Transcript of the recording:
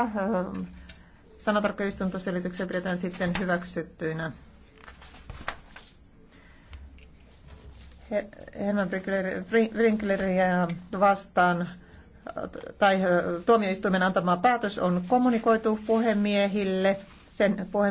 Äh, Sanatarkkaistuntoselitykset pidetään sitten hyväksyttyinä. Herman Brinkleriä vastaan tai äh, tuomioistuimen antama päätös on kommunikoitu puhemiehille. Sen puhe